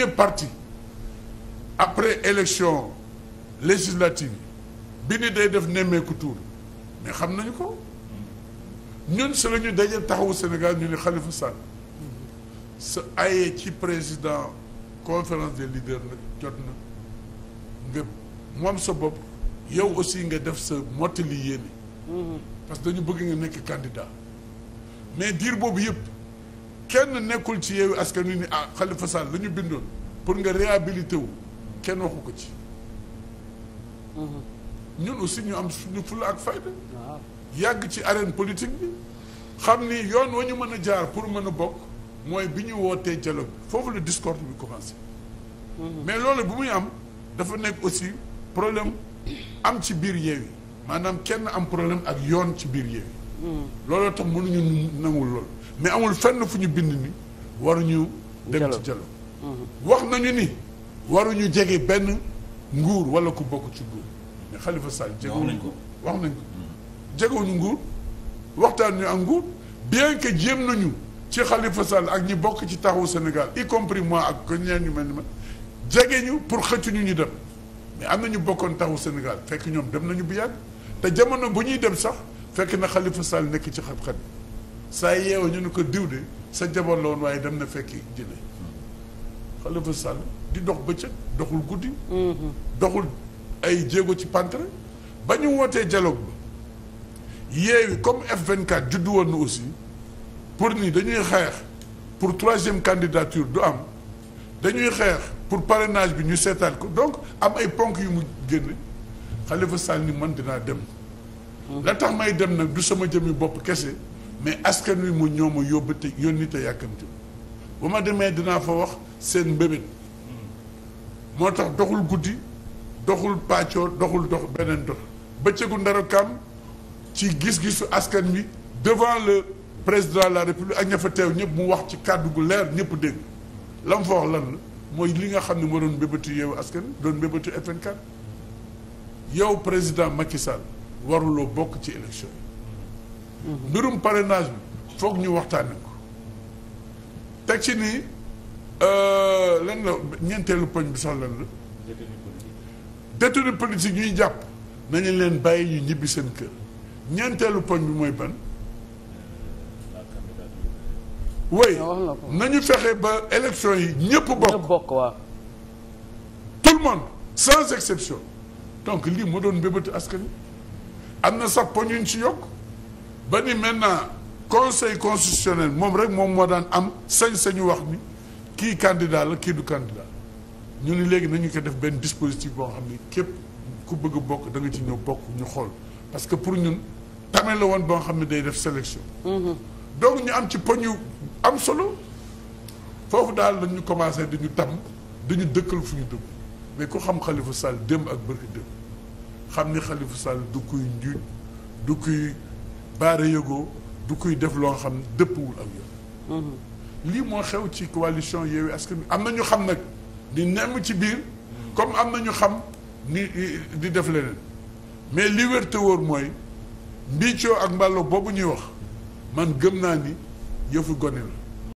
premier parti après élection législative bi ni day def nemmeeku tuur mais xam nañu ko ñun si la ñu taxawu Sénégal ñu ni Khalifa Sall sa ayee ci président conférence des leaders nag jot na nga moom sa bopp yow aussi nga def sa motti mottali yéene mm-hmm. parce que dañu bëgg nga nekk candidat mais diir boobu yëpp kenn nekkul ci yeewu askan wi ni ah Khalifa Sall la bindoon pour nga réhabilité wu kenn waxu ko ci. Mm-hmm. ñun aussi ñu am suñu fulla ak fayda. yàgg ci arène politique bi. xam ni yoon wa ñu mën a jaar pour mën a bokk mooy bi ñu wootee dialogue foofu la discorde bi commencé. Mm-hmm. mais loolu bu muy am dafa nekk aussi problème am ci biir yeewi maanaam kenn am problème ak yoon ci biir yi looloo tax mënuñu nangul lool mais amul fenn fu ñu bind ni waruñu dem ci dialogue mhm. wax nañu ni waruñu jege benn nguur wala ku bokk ci nguur mais Khalifa Sall jegewuñu ko wax nañ ko mhm. jegewuñu nguur waxtaan ñu ak nguur bien que jéem nañu ci Khalifa Sall ak ñi bokk ci taxawu Sénégal y compris ak ko ñeen ñu mel ni ma jege ñu pour xëccu ñu ñu dem mais am nañu bokkoon taxawu Sénégal fekk ñoom dem nañu bu yàgg te jamono bu ñuy dem sax fekk na Khalifa Sall nekk ci xat-xat saa yeewa ñu ne ko diw de sa jabar waaye dem na fekk jële Khalifa Sall di dox bëccëg doxul guddi mhm. doxul ay jéego ci pantre ba ñu wootee dialogue ba yeewi comme F24 juddu woon na aussi pour nii dañuy xeex pour troisième candidature du am dañuy xeex pour parenage bi ñu seetaan ko donc am ay ponk yu mu génne Khalifa Sall ni man dinaa dem la tax may dem nag du sama jëmmi bopp kese mais askan wi mu ñoo ma yóbbu te yónni te yàkkamti bu ma demee dinaa fa wax seen mbébét moo tax doxul guddi doxul pàccoo doxul dox beneen dox bëccëgu ndara kam ci gis-gisu askan wi devant le président de la république ak ña fa teew ñëpp mu wax ci kàddu gu leer ñëpp dégg la mu fa wax lan la mooy li nga xam ne moo doon mbébétu yeewu askan wi doon mbébétu FN4 yow président Macky waruloo bokk ci élection yi. mbirum parrainage bi foog ñu waxtaanee ko. teg ci nii euh, lan la ñeenteelu poñ bi sax lan la. détenu politique ñuy jàpp nañu leen bàyyi ñu ñibbi seen kër ñeenteelu poñ bi mooy ban. Ah, way nañu fexe ba élection yi ñëpp bokk waaw tout le monde sans exception donc lii moo doon mbébatu askan wi am na sax poñ yuñ ci yokk ba ni maintenant conseil constitutionnel moom rek moom moo daan am sañ-sañu wax ni kii candidat la kii du candidat ñu ni léegi nañu ko def benn dispositif boo xam ne képp ku bëgg bokk da ci ñëw bokk ñu xool parce que pour ñun tame la woon boo xam ne day def sélection mhm. donc ñu am ci poñ yu am solo foofu daal lañu commencé dañu tam dañu dëkkal fu ñu dëgg mais ku xam Khalifa Sall démb ak bërki démb xam ni Khalifa Sall du kuy njuuj du kuy baara yëgoo du kuy def loo xam ne dëppwul ak yoon mm-hmm. lii moo xew ci coalition Yewwi Askan Wi am na ñu xam nag di nemm ci biir mm-hmm. comme am na ñu xam ni di def leneen mais li wér te wóor mooy mbiicoo ak mbàllo boobu ñuy wax man gëm naa ni yëfu gone la